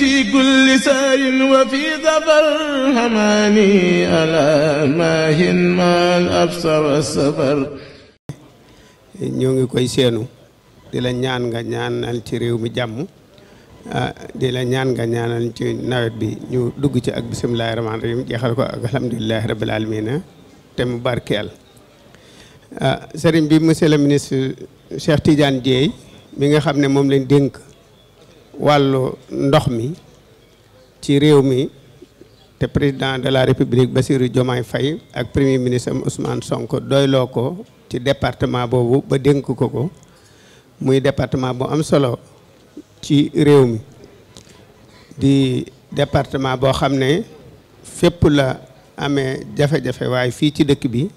في كل سير وفي ظفر حماني ألا ماهن ما الأبصر والسفر ñoo ngi koy seenu di la ñaan nga ñaanal ci réew mi jàmm ah, di la ñaan nga ñaanal ci nawet bi ñu dugg ci ak bisimilahi rahmaani rahim jeexal ko ak alhamdulilahi rabil alamina ah, te mu barkeel ah, sëriñ bi monsieur le ministre Cheikh Tidiane Dieye mi nga xam ne moom lañ dénk wàllu ndox mi ci réew mi te président de la république Bassirou Diomaye fay ak premier ministre am Ousmane Sonko doyloo ko ci département boobu ba dénk ko ko muy département bu am solo ci réew mi di département boo xam ne fépp la ame jafe-jafe waaye fii ci dëkk bi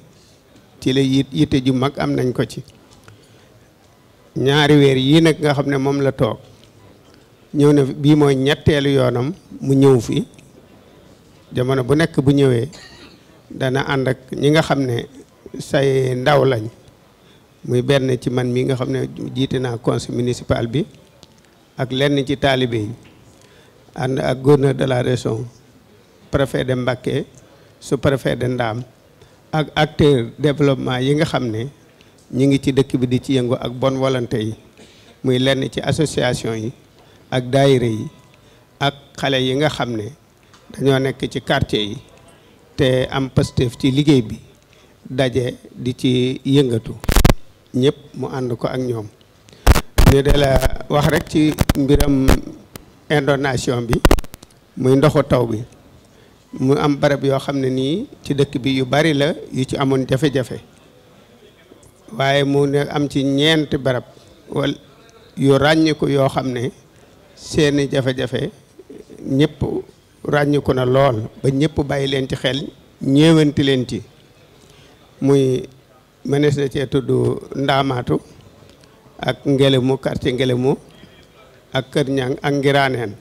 ci la yitte ju mag am nañ ko ci ñaari weer yii nag nga xam ne moom la toog ñëw na bii mooy ñetteelu yoonam mu ñëw fi jamono bu nekk bu ñëwee dana ànd ak ñi nga xam ne say ndaw lañ muy benn ci man mi nga xam ne jiite naa conseil municipal bi ak lenn ci taalibe yi ànd ak gouverneur de la région préfet de Mbacké su préfet de Ndaam ak acteur développement yi nga xam ne ñi ngi ci dëkk bi di ci yëngu ak bonne volonté yi muy lenn ci association yi ak daayira yi ak xale yi nga xam ne dañoo nekk ci quartier yi te am Pastef ci liggéey bi daje di ci yëngatu ñëpp mu ànd ko ak ñoom ñu de la wax rek ci mbiram indonation bi muy ndoxu taw bi mu am barab yoo xam ne nii ci dëkk bi yu bari la yu ci amoon jafe-jafe waaye mu ne am ci ñeenti barab wala yu ràññiku yoo xam ne seeni jafe-jafe ñëpp ràññiku na lool ba ñëpp bàyyi leen ci xel ñeewanti leen ci muy mënees na cee tudd ndaamaatu ak ngelemu quartier ngelemu ak kër ñang ak ngiraaneen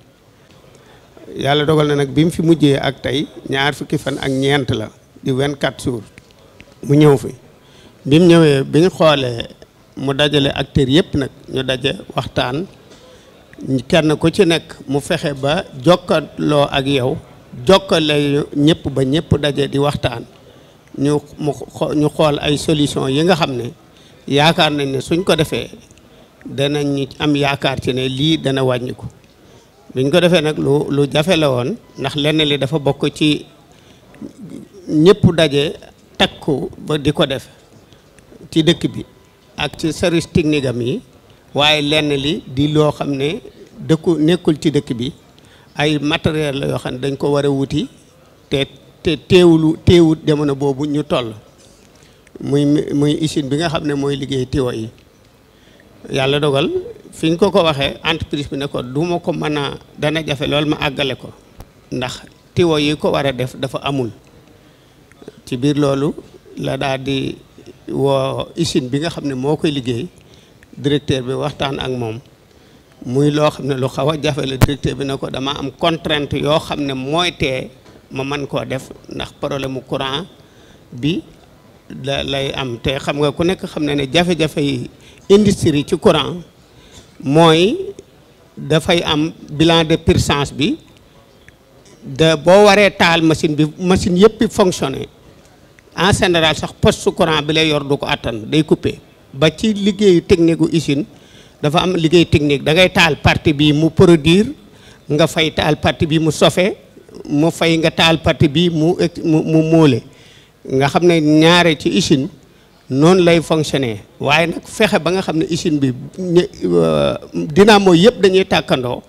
yàlla dogal na nag bi mu fi mujjee ak tey ñaar fukki fan ak ñeent la di 24 jours mu ñëw fi bi mu ñëwee bi ñu xoolee mu dajale acteurs yëpp nag ñu daje waxtaan kenn ku ci nekk mu fexe ba jokkaloo ak yow jokkale ñëpp ba ñëpp daje di waxtaan ñu mu xool ay solution yi nga xam ne yaakaar nañ ne suñ ko defee dana ñi am yaakaar ci ne lii dana wàññiku biñ ko defee nag lu lu jafe la woon ndax lenn li dafa bokk ci ñëpp daje takku ba di ko def ci dëkk bi ak ci service technique am yi waaye lenn li di loo xam ne dëkku nekkul ci dëkk bi ay matériel la yoo xam ne dañ ko war a wuti te te teewulu teewut jamono boobu ñu toll muy muy usine bi nga xam ne mooy liggéey tiwo yi yàlla dogal fi ñu ko ko waxee entreprise bi ne ko du ma ko mën a dana jafe lool ma àggale ko ndax tiwo yi ko war a def dafa amul ci biir loolu la daal di woo usine bi nga xam ne moo koy liggéey directeur bi waxtaan ak moom muy loo xam ne lu xaw a jafe la directeur bi na ko dama am contrainte yoo xam ne mooy tee ma man koo def ndax problème mu courant bi lay am te xam nga ku nekk xam ne ne jafe-jafe yi industrie ci courant mooy dafay am bilan de puissance bi de boo waree taal machine bi machine yëpp fonctionné en général sax poste courant bi lay yor du ko attan day coupé ba ci liggéeyu technique gu usine dafa am liggéey technique dangay taal partie bii mu produire nga fay taal partie bi mu sofe mu fay nga taal parti bii mu mu mu móole nga xam ne ñaare ci usine noonu lay fonctionner waaye nag fexe ba nga xam ne usine bi euh, dynamo yëpp dañuy tàkkandoo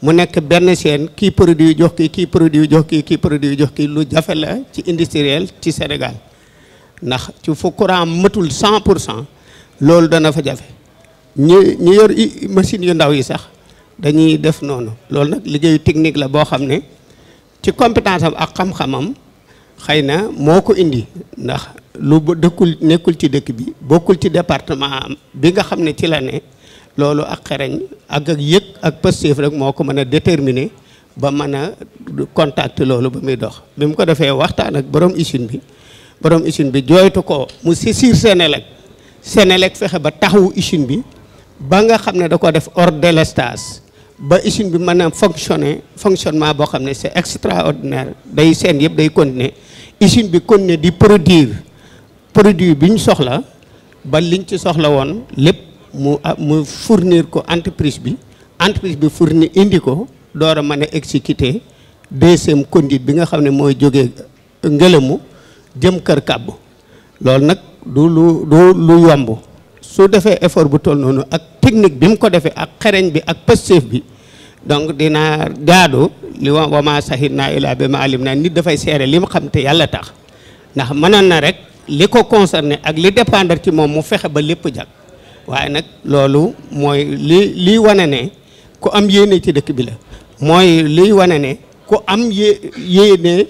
mu nekk benn seen kii produit jox kii kii produit jox kii kii produit jox kii lu jafe la ci industriel ci Sénégal ndax ci fu courant matul 100 pour cent loolu dana fa jafe ñu ñu yor machine yu ndaw yi sax dañuy def noonu loolu nag liggéeyu technique la boo xam ne ci compétence am ak xam-xamam xëy na moo ko indi ndax lu dëkkul nekkul ci dëkk bi bokkul ci département am bi nga xam ne ci la ne loolu ak xereñ ak ak yëg ak positif rek moo ko mën a déterminer ba mën a contact loolu ba muy dox bi mu ko defee waxtaan ak borom usine bi borom usine bi jooytu ko mu saisir Senelec Senelec fexe ba taxawu usine bi ba nga xam ne da ko def hors délestage ba usine bi mën a fonctionner fonctionnement boo xam ne c'est extraordinaire day seen yëpp day continuer usine bi ne di produire produit bi ñu soxla ba liñ ci soxla woon lépp mu mu fournir ko entreprise bi entreprise bi fournir indi ko door ma mën a exécuter deuxième conduite bi nga xam ne mooy jógee ngelamu jëm kër kàbb loolu nag du lu du lu yomb su defee effort bu toll noonu ak technique bi mu ko defee ak xereñ bi ak pëstéef bi donc dina daadu li wa wama sahid naa ilaa bi ma alim naa nit dafay seere li mu xam te yàlla tax ndax mënoon na rek li ko concerné ak li dépendre ci moom mu fexe ba lépp jag waaye nag loolu mooy li liy wane ne ku am yéene ci dëkk bi la mooy liy wane ne ku am yé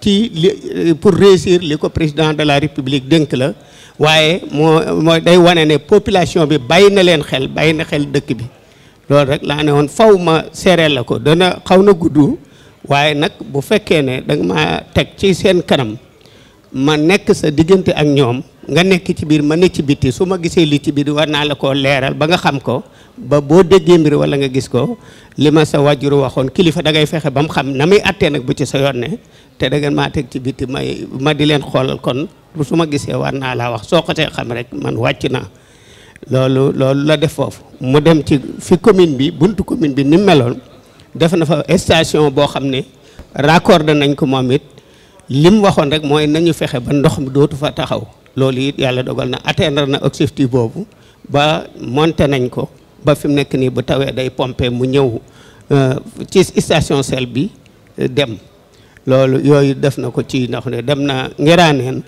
ci li euh, pour réussir li ko président de la république dénk la waaye moo moo day wane ne population bi bàyyi na leen xel bàyyi na xel dëkk bi loolu rek laa ne woon faw ma seereel la ko dana xaw na gudd waaye nag bu fekkee ne danga ma teg ci seen kanam ma nekk sa diggante ak ñoom nga nekk ci biir ma ne ci bitti su ma gisee li ci biir war naa la koo leeral ba nga xam ko ba boo déggee mbir wala nga gis ko li ma sa wàjjuru waxoon kilifa dangay fexe ba mu xam na muy attee nag bu ci sa yoon ne te da ngeen maa teg ci bitti may ma di leen xool kon su ma gisee war naa laa wax soo ko see xam rek man wàcc naa loolu loolu la def foofu mu dem ci fi commune bi buntu commune bi ni meloon def na fa station boo xam ne raccordé nañ ko moom it lim waxoon rek mooy nañu fexe ba ndox mu dootu fa taxaw loolu it yàlla dogal na atteindre na objectif boobu ba monte nañ ko ba fi mu nekk nii bu tawee day pomper mu ñëw euh, ci station sel bi euh, dem loolu yooyu def na ko ci ndox ne dem na ngiraaneen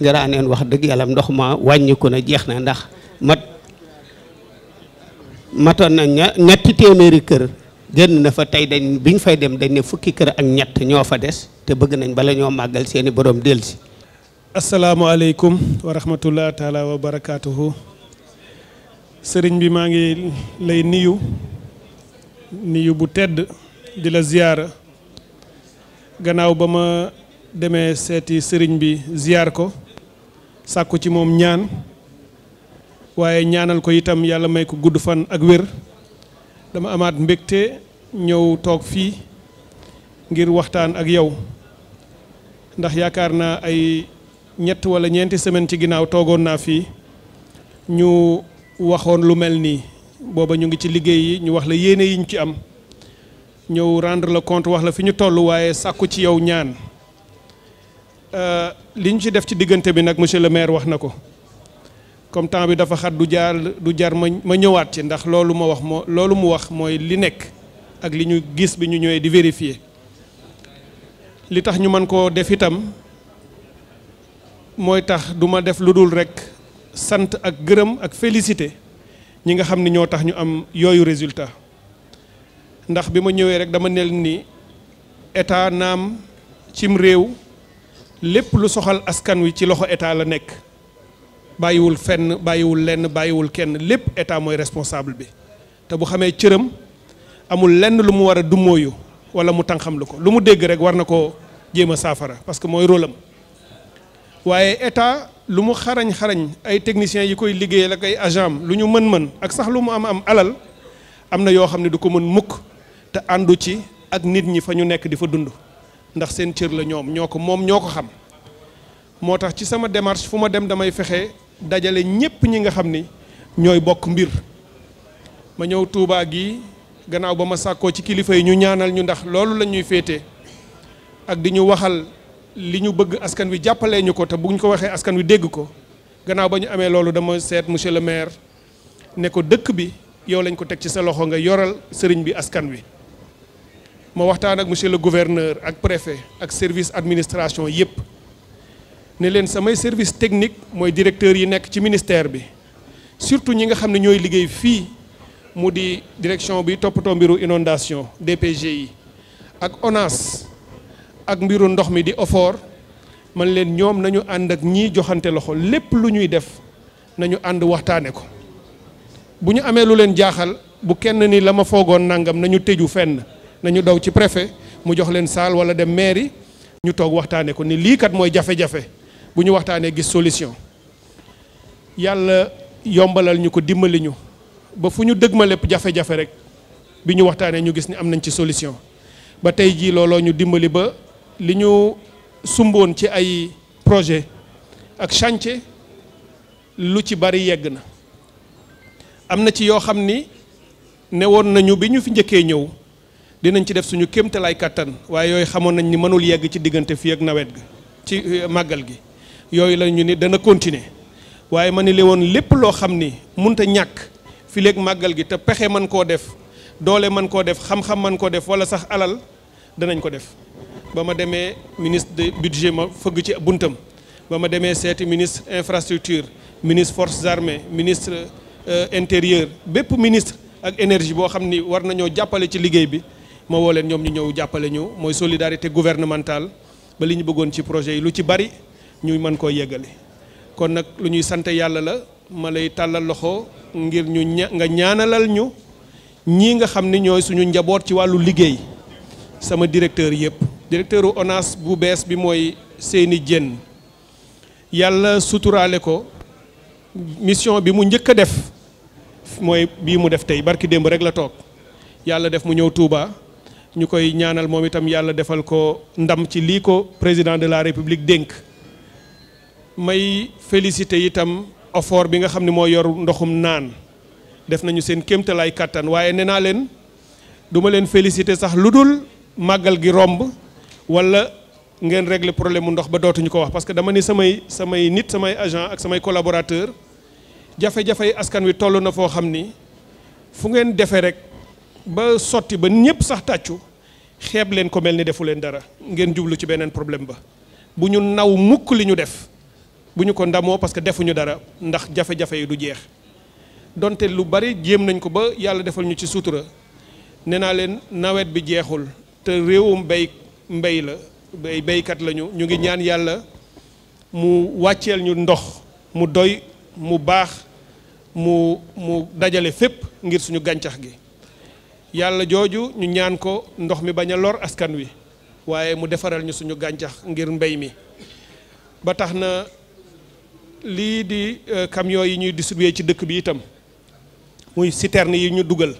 ngiraaneen wax dëgg yàlla ndox ma wàññiku na jeex na ndax mat matoon na téeméeri kër génn na fa tey dañ bi ñu fay dem dañ ne fukki kër ak ñett ñoo fa des te bëgg nañ bala ñoo màggal seeni borom dellusi. asalaamaaleykum wa rahmatullah taala wa barakaatuhu. sëriñ bi maa ngi lay niyu niyu bu tedd di la ziyaara gannaaw ba ma demee seeti sëriñ bi ziyaar ko sàkku ci moom ñaan waaye ñaanal ko itam yàlla may ko gudd fan ak wér. amaat mbégte ñëw toog fii ngir waxtaan ak yow ndax yaakaar naa ay ñett wala ñeenti semaine ci ginnaaw toogoon naa fii ñu waxoon lu mel nii booba ñu ngi ci liggéey yi ñu wax la yéene yi ñu ci am ñëw rendre la compte wax la fi ñu tollu waaye sàkku ci yow ñaan euh, li ñu ci def ci diggante bi nag monsieur le maire wax na ko comme temps bi dafa xat du jaar du jar ma ma ñëwaat ci ndax loolu ma wax moo loolu mu wax mooy li nekk ak li ñu gis bi ñu ñëwee di vérifier li tax ñu man koo def itam mooy tax duma def lu dul rekk sant ak gërëm ak félicité ñi nga xam ni ñoo tax ñu am yooyu résultat ndax bi ma ñëwee rek dama nel ni état naam cim réew lépp lu soxal askan wi ci loxo état la nekk bàyyiwul fenn bàyyiwul lenn bàyyiwul kenn lépp état mooy responsable bi te bu xamee cëram amul lenn lu mu war a dummóoyu wala mu tànqam lu ko lu mu dégg rek war na koo jéem a saafara parce que mooy rôle waaye état lu mu xarañ-xarañ ay techniciens yi koy liggéeyal ak ay agents lu ñu mën-mën ak sax lu mu am am alal am na yoo xam ne du ko mën mukk te àndu ci ak nit ñi fa ñu nekk di fa dund ndax seen cër la ñoom ñoo ko moom ñoo ko xam moo tax ci sama démarche fu ma dem damay fexe dajale ñépp ñi nga xam ni ñooy bokk mbir ma ñëw tuubaa gi gannaaw ba ma sàkkoo ci kilifa yi ñu ñaanal ñu ndax loolu la ñuy féete ak di ñu waxal li ñu bëgg askan wi jàppalee ñu ko te bu ñu ko waxee askan wi dégg ko gannaaw ba ñu amee loolu dama seet monsieur le maire ne ko dëkk bi yow lañ ko teg ci sa loxo nga yoral sëriñ bi askan wi ma waxtaan ak monsieur le gouverneur ak préfet ak service administration yépp ne leen samay service technique mooy directeur yi nekk ci ministère bi surtout ñi nga xam ne ñooy liggéey fii mu di direction bi toppatoo mbiru inondation yi ak ONAS ak mbiru ndox mi di OFOR man leen ñoom nañu ànd ak ñii joxante loxo lépp lu ñuy def nañu ànd waxtaane ko bu ñu amee lu leen jaaxal bu kenn ni la ma foogoon nangam nañu tëju fenn nañu daw ci préfet mu jox leen saal wala dem mairie ñu toog waxtaane ko ni liikat mooy jafe-jafe bu ñu waxtaanee gis solution yàlla yombalal ñu ko dimbali ñu ba fu ñu dëgmal lépp jafe-jafe rek bi ñu waxtaanee ñu gis ni am nañ ci solution ba tey jii looloo ñu dimbali ba li ñu sumboon ci ay projet ak chantier lu ci bari yegg na am na ci yoo xam ni ne woon nañu bi ñu fi njëkkee ñëw dinañ ci def suñu kéemtalaay kàttan waaye yooyu xamoon nañ ni mënul yegg ci diggante fii ak nawet gi ci euh, màggal gi yooyu la ñu ni dana continuer waaye ma ne li woon lépp loo xam ni munta ñàkk fi léeg màggal gi te pexe man koo def doole man koo def xam-xam man koo def wala sax alal danañ ko def ba ma demee ministre de budget ma fëgg ci buntam ba ma demee seeti ministre infrastructure ministre forces armées ministre euh, intérieur bépp ministre ak énergie boo xam ni war nañoo jàppale ci liggéey bi ma woo leen ñoom ñu ñëw jàppale ñu mooy solidarité gouvernementale ba li ñu bëggoon ci projet yi lu ci bari ñu mën koo yeggale kon nag lu ñuy sant yàlla la ma lay tàllal loxo ngir ñu ña nga ñaanalal ñu ñii nga xam ni ñooy suñu njaboot ci wàllu liggéey sama directeur yëpp directeur u bu bees bi mooy seeni Dieng yàlla suturaale ko mission bi mu njëkk a def mooy bii mu def tey barki démb rek la toog yàlla def mu ñëw Touba ñu koy ñaanal moom itam yàlla defal ko ndam ci lii ko président de la république dénk may félicité itam OFOR bi nga xam ne moo yoru ndoxum naan def nañu seen kéemtalaay kàttan waaye nee naa leen duma leen félicité sax lu dul màggal gi romb wala ngeen régler problème mu ndox ba dootuñu ko wax parce que dama ni samay samay nit samay agent ak samay collaborateur jafe-jafey askan wi toll na foo xam ni fu ngeen defee rek ba sotti ba ñëpp sax tàccu xeeb leen ko mel ni defu leen dara ngeen jublu ci beneen problème ba bu ñu naw mukk li ñu def bu ñu ko ndamoo parce que defuñu dara ndax jafe-jafe yi du jeex donte lu bari jéem nañ ko ba yàlla defal ñu ci sutura nee naa leen nawet bi jeexul te réewum bay mbay la bay baykat lañu ñu ngi ñaan yàlla mu wàcceel ñu ndox mu doy mu baax mu mu dajale fépp ngir suñu gàncax gi yàlla jooju ñu ñaan ko ndox mi bañ a lor askan wi waaye mu defaral ñu suñu gàncax ngir mbay mi ba tax na lii di euh, camion yi ñuy distribuer ci dëkk bi itam muy citerne yi ñu dugal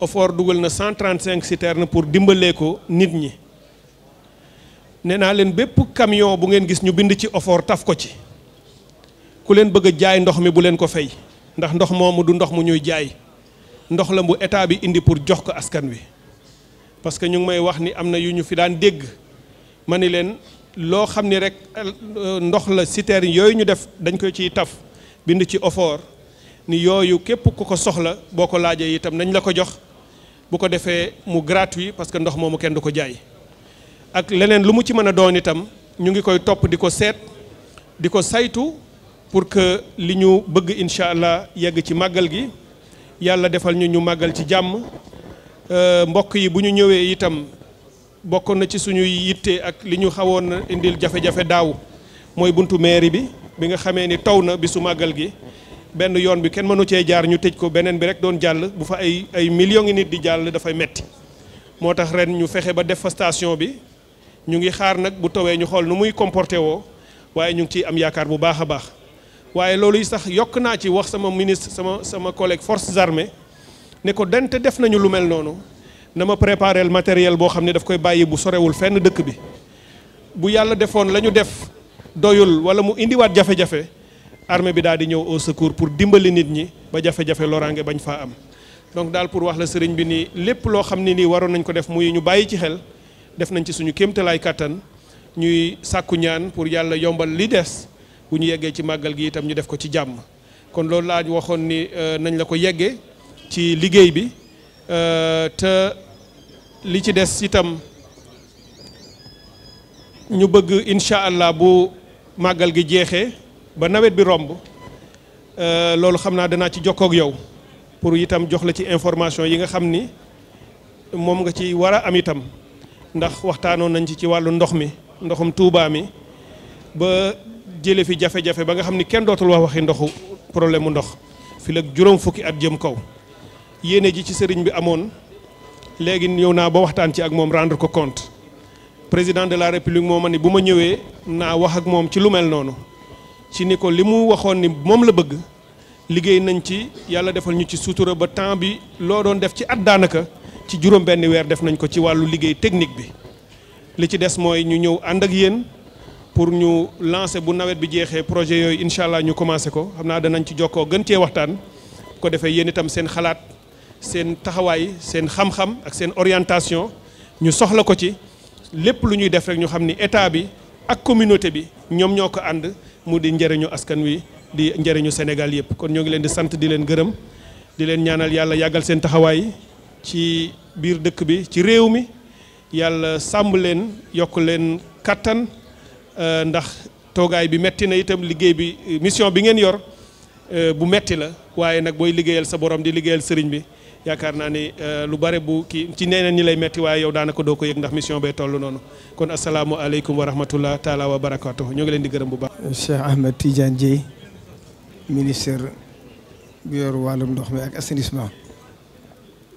OFOR dugal na 135 citerne pour dimbalee ko nit ñi ne naa leen bépp camion bu ngeen gis ñu bind ci OFOR taf ko ci ku leen bëgg a jaay ndox mi bu leen ko fay ndax ndox moomu du ndox mu ñuy jaay ndox la mu état bi indi pour jox ko askan wi parce que ñu ngi may wax ni am na yu ñu fi daan dégg ma ni leen. loo xam ni rek ndox la citerne yooyu ñu def dañ ko ciy taf bind ci ofoor ni yooyu képp ku ko soxla boo ko laajee itam nañ la ko jox bu ko defee mu gratuit parce que ndox moomu kenn du ko jaay ak leneen lu mu ci mën a doon itam ñu ngi koy topp di ko seet di ko saytu pour que li ñu bëgg incha allah yegg ci màggal gi yàlla defal ñu ñu màggal ci jàmm euh, mbokk yi bu ñu ñëwee itam bokkoon na ci suñuy yitte ak li ñu xawoon indil jafe-jafe daaw mooy buntu mairie bi bi nga xamee ni taw na bisu màggal gi benn yoon bi kenn mënu cee jaar ñu tëj ko beneen bi rek doon jàll bu fa ay ay millions ngi nit di jàll dafay metti moo tax ren ñu fexe ba def fa station bi ñu ngi xaar nag bu tawee ñu xool nu muy comporté woo waaye ñu ngi ciy am yaakaar bu baax a baax waaye loolu yi sax yokk naa ci wax sama ministre sama sama collègue forces armées ne ko dante def nañu lu mel noonu na ma préparer le matériel boo xam ne daf koy bàyyi bu sorewul fenn dëkk bi bu yàlla defoon la ñu def doyul wala mu indiwaat jafe-jafe armée bi daal di ñëw au secours pour dimbali nit ñi ba jafe-jafe loraange bañ faa am donc daal pour wax la sëriñ bi nii lépp loo xam ne nii waroon nañ ko def muy ñu bàyyi ci xel def nañ ci suñu kéemtalaay kàttan ñuy sàkku ñaan pour yàlla yombal li des bu ñu yeggee ci màggal gi itam ñu def ko ci jàmm kon loolu laa waxoon ni euh, nañ la ko yeggee ci liggéey bi Euh, te li ci des itam ñu bëgg incha allah bu màggal gi jeexee ba nawet bi romb euh, loolu xam naa danaa ci jokkoog yow pour itam jox la ci information yi nga xam ni moom nga ci war a am itam ndax waxtaanoo nañ ci ci wàllu ndox mi ndoxum Tuubaa mi ba jële fi jafe-jafe ba nga xam ni kenn dootul wax waxi ndoxu problème mu ndox fi la juróom fukki at jëm kaw yéene ji ci sëriñ bi amoon léegi ñëw naa ba waxtaan ci ak moom rendre ko compte président de la république moo ma ni bu ma ñëwee naa wax ak moom ci lu mel noonu ci ni ko li mu waxoon ni moom la bëgg liggéey nañ ci yàlla defal ñu ci sutura ba temps bi loo doon def ci at daanaka ci juróom benn weer def nañ ko ci wàllu liggéey technique bi li ci des mooy ñu ñëw ànd ak yéen pour ñu lancer bu nawet bi jeexee projet yooyu incha allah ñu commencé ko xam na danañ ci jokkoo gën cee waxtaan ko defee yéen itam seen xalaat seen taxawaay seen xam-xam ak seen orientation ñu soxla ko ci lépp lu ñuy def rek ñu xam ni état bi ak communauté bi ñoom ñoo ko ànd mu di njëriñu askan wi di njëriñu Sénégal yëpp kon ñoo ngi leen di sant di leen gërëm di leen ñaanal yàlla yàggal seen taxawaay ci biir dëkk bi ci réew mi yàlla sàmb leen yokk leen kattan euh, ndax toogaay bi metti na itam liggéey bi mission bi ngeen yor euh, bu metti la waaye nag booy liggéeyal sa borom di liggéeyal sëriñ bi yaakaar naa ni euh, lu bare bu kii ci neneen ñi lay metti waaye yow daanaka doo ko yëg ndax mission bee toll noonu kon asalaamualeykum wa rahmatullah taalaa wa barakaatu ñu ngi leen di gërëm bu baax. Cheikh Ahmed Tidiane Dieye ministère yor wàllum ndox mi ak assainissement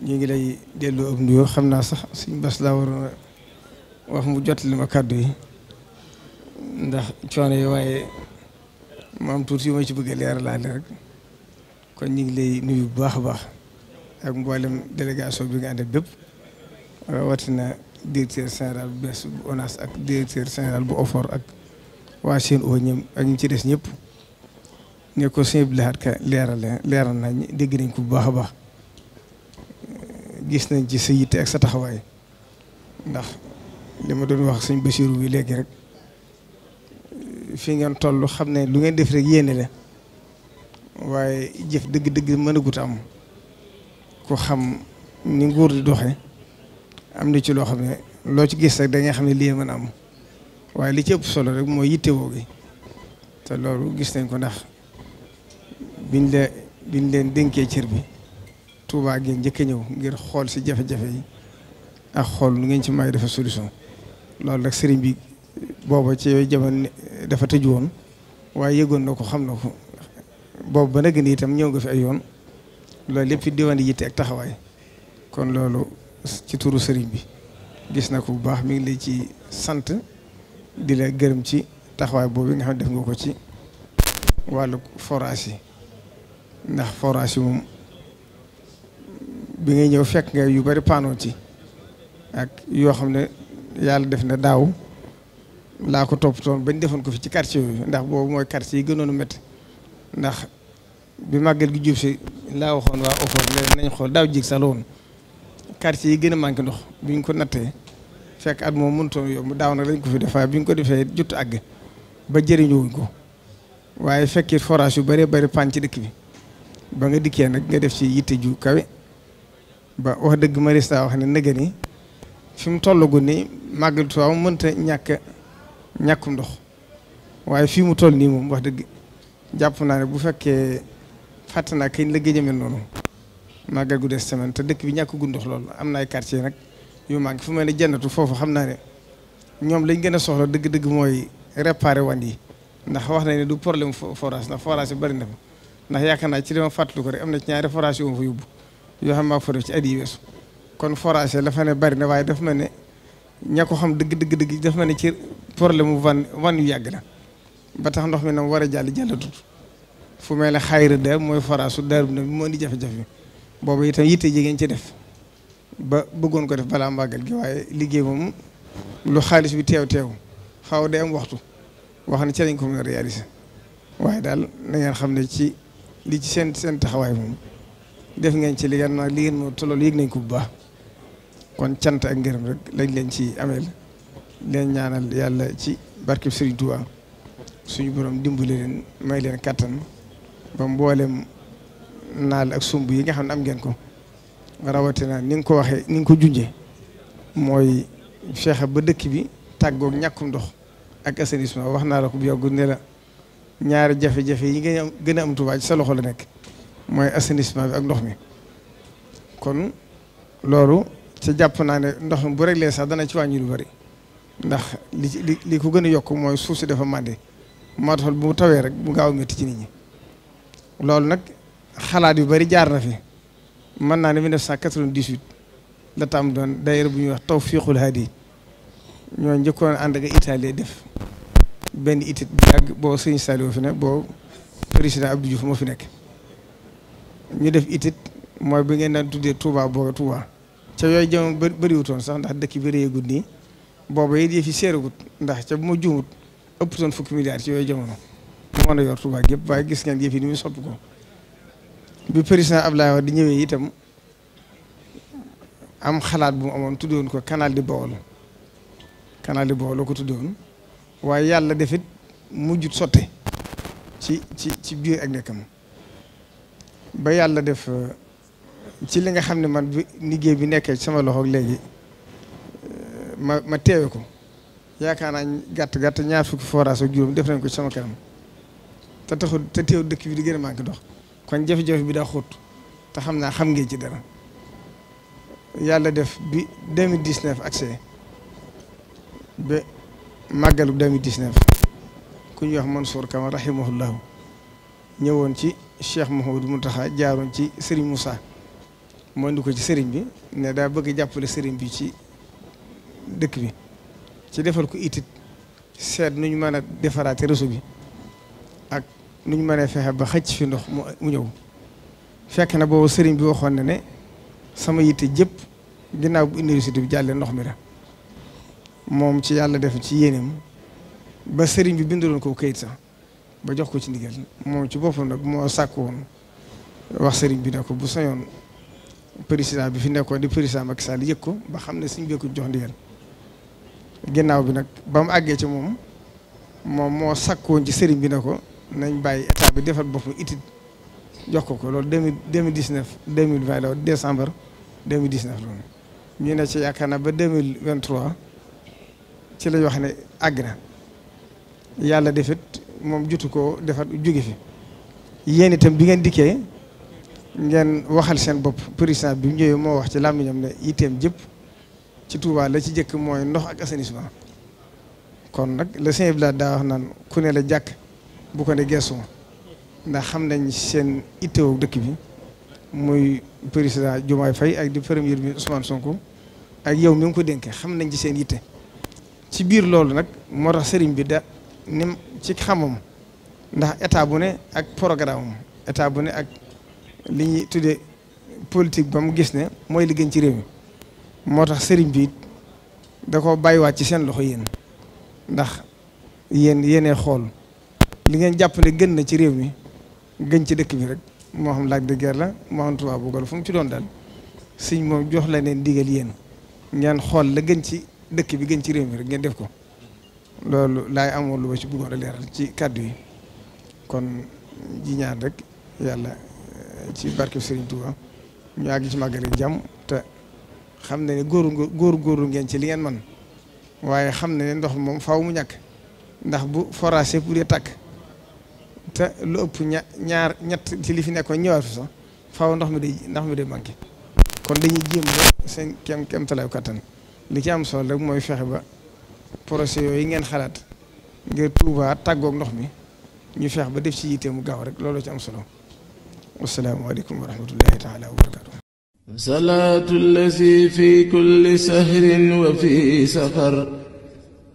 ñu ngi lay delloo ab nuyoo xam naa sax suñu bas laa waroon a wax mu jot li ma kàddu yi ndax coono yi waaye maam tuuti yu ma ci bëgg a leeralaale rek kon ñu ngi lay nuyu bu baax a baax. ak mboolem délégation bi nga ànd bépp rawatina directeur général bu bees bu ONAS ak directeur général bu OFOR ak waa seen oo ak ñi ci des ñëpp ne ko sëñ bi leeral leeral dégg nañ bu baax a baax gis nañ ci sa yitte sa taxawaay ndax li ma doon wax sëñ Basiiru bi léegi rek fi ngeen toll xam ne lu ngeen def rek yéene la waaye jëf dëgg-dëgg mën a gut am ko xam ni nguur di doxe am na ci loo xam ne loo ci gis rek dangay nga xam ne lii mën a am waaye li ci ëpp solo rek mooy yittewoo gi te loolu gis nañ ko ndax biñ la biñ leen dénkee cër bi tuubaa ngeen njëkk a ñëw ngir xool si jafe-jafe yi ak xool nu ngeen ci may dafa solution loolu rek sëriñ bi booba ci yooyu jamono dafa tëju woon waaye yëgoon na ko xam na ko boobu ba nag itam ñëw nga fi ay yoon. loolu lépp fi diwaan yitte ak taxawaay kon loolu ci turu sëriñ bi gis na ko bu baax mi ngi lay ci sant di la gërëm ci taxawaay boobu nga xam ne def nga ko ci wàllu forage yi ndax forage yi moom bi ngay ñëw fekk nga yu bari paanoon ci ak yoo xam ne yàlla def na daaw laa ko toppatoon bañ defoon ko fi ci quartier yooyu ndax boobu mooy quartier yi gënoon metti ndax bi màggal gi jub si laa waxoon waa OFOR léegi nañ xool daaw jig sax la woon quartier yi gën a manqué ndox bi ñu ko nattee fekk at moom mënutoon mu daaw na lañ ko fi defaa bi ñu ko defee jut àgg ba jëriñoowuñ ko waaye fekkee forage yu bëree bëri pan ci dëkk bi ba nga dikkee nag nga def ci yitte ju kawe ba wax dëgg marista wax ne nëgë ni fi mu tollagu ni màggal Tuubaa mënta ñàkk ñàkkum ndox waaye fii mu toll nii moom wax dëgg jàpp naa ne bu fekkee fàtte naa kañ la gëj noonu màggal gu des semaine te dëkk bi ñàkk gu ndox lool am na ay quartier nag yu manqué fu ma ne jannatu foofu xam naa ne ñoom lañ gën a soxla dëgg-dëgg mooy réparer wan yi ndax wax nañ ne du problème forage ndax forage yi bari na fa ndax yaakaar naa ci li ma ko rek am na ci ñaari forage yu ma fa yóbbu yoo xam maa fa def ci at yi weesu kon forage la fa ne bari na waaye daf mel ne ña xam dëgg dëgg dëgg daf mel ne ci problème mu van van yu yàgg la ba tax ndox mi na war a jàll jàllatut fu mel ne xayri de mooy foraasu daar bi na moo indi jafe-jafe boobu itam yitte jigéen ci def ba bëggoon ko def balaa màggal gi waaye liggéey moom lu xaalis bi teew teew xaw day am waxtu wax na ci lañ ko waaye daal na ngeen xam ne ci li ci seen seen taxawaay moom def ngeen ci li ngeen li ngeen ma tollool yëg nañ ko bu baax kon cant ak ngërëm rek lañ leen ci ameel leen ñaanal yàlla ci barki Sëriñ Tuubaa suñu borom dimbali leen may leen kàttan ba mboolem naal ak sumb yi nga xam ne am ngeen ko rawatina ni nga ko waxee ni nga ko junjee mooy fexe ba dëkk bi tàggoog ñàkkum ndox ak assainissement wax naa la ko bu yàggul ne la ñaari jafe-jafe yi nga gën a am ci sa loxo la nekk mooy assainissement bi ak ndox mi kon loolu ca jàpp naa ne ndox mi bu réglé sax dana ci wàññi lu bari ndax li li ko gën a yokk mooy suuf si dafa mànde moo tax bu tawee rek bu gaaw a ci nii ñi. loolu nag xalaat yu bari jaar na fi mën naa ne 1998 la tam doon daayira bu ñuy wax Tawfiqul Hadi ñoo njëkkoon ànd ak Italie def benn itit bu yàgg boo sëñ Saliou fi ne boo président Abdou Diouf moo fi nekk ñu def itit mooy bi ngeen daan tuddee Touba booga Touba ca yooyu jamono bariwutoon sax ndax dëkk bi réyeegut nii booba it yëf yi ndax ca bu ma juumut ëpp toon fukki milliards ci yooyu jamono mën a yor Touba gépp waaye gis ngeen yëf ni muy soppi ko bi président Abdoulaye Wade di ñëwee itam am xalaat bu mu amoon tuddoon ko canal di Bawol canal di Bawol la ko tuddoon waaye yàlla defit mujjut sotte ci ci ci biir ak nekkam ba yàlla def uh, ci li nga xam ne man bi liggéey bi nekkee ci sama loxo léegi uh, ma ma teewe ko yaakaar naa gàtt gàtt ñaar fukki forage ak juróom def nañ ko ci sama kanam te taxul dëkk bi di gën a manqué dox kon jafe-jafe bi daa xóot te xam naa xam ngeen ci dara yàlla def bi 2019 accès ba màggalu 2019 ku ñuy wax Mansour Kama rahimahullahu ñëwoon ci Cheikh mu Mountakha jaaroon ci Serigne Moussa moo indi ko ci Serigne bi ne daa bëgg jàppale Serigne bi ci dëkk bi ci defal ko itit seet nu ñu mën a defaraate réseau bi. nu ñu mënee fexe ba xëcc fi ndox mu ñëw fekk na boobu sëriñ bi waxoon ne ne sama yitte jëpp ginnaaw bu université bi jàllee ndox mi la moom ci yàlla def ci yéeneem ba sëriñ bi bindaloon ko kayit sax ba jox ko ci ndigal moom ci boppam nag moo sàkk woon wax sëriñ bi ne ko bu sañoon président bi fi nekkoon di président Macky Sall yëg ko ba xam ne siñ bee ko jox ndigal ginnaaw bi nag ba mu àggee ci moom moom moo sàkk woon ci sëriñ bi ne ko nañ bàyyi état bi defal boppam itit jox ko ko loolu deux mille deux mille dix neuf deux mille vingt la décembre deux mille dix neuf loolu ñu yaakaar naa ba deux mille vingt trois ci lañ wax ne àgg na yàlla defit moom jotu ko defat jóge fi yéen itam bi ngeen dikkee ngeen waxal seen bopp président bi ñëwee moo wax ci làmmiñam ne yitteem jëpp ci Touba la ci jëkk mooy ndox ak assainissement kon nag le Saint-Blaise daa wax naan ku ne la jàkk bu ko ne geesu ndax xam nañ seen itteewu dëkk bi muy président Diomaye fay ak di premier bi Ousmane Sonko ak yow mi ngi ko dénkee xam nañ ci seen yitte ci biir loolu nag moo tax sëriñ bi da nim ci xamam ndax état bu ne ak programme état bu ne ak li tuddee politique ba mu gis ne mooy li gën ci réew mi moo tax sëriñ bi da ko bàyyiwaat ci seen loxo yéen ndax yéen yéenee xool li ngeen jàpp ne gën na ci réew mi gën ci dëkk bi rek moo xam laaj de guerre la moo xam tubaab bu gol ci doon daal sëñ moom jox la neen digal yéen ngeen xool la gën ci dëkk bi gën ci réew mi rek ngeen def ko loolu laay amoon lu ma ci bëggoon a leeral ci kàddu yi kon ji ñaan rek yàlla eh, ci barke Serigne Touba ñu àgg ci màggal jàmm te xam ne ne góor góor góoru ngeen ci li ngeen man waaye xam ne ne ndox moom faw mu ñàkk ndax bu forage pour dee tàkk te lu ëpp ña ñaar ñett ci li fi nekkoon ñëwaat fi sax faaw ndox mi day ndox mi de manqué kon dañuy jéem rek seen kem kem talaayu kattan li ci am solo rek mooy fexe ba projet yooyu ngeen xalaat ngir Touba tàggook ndox mi ñu feex ba def ci yitte mu gaaw rek loolu ci am solo wasalaamualeykum wa rahmatullahi taala wa barakatu salaatu allazi fi kulli sahrin wa fi safar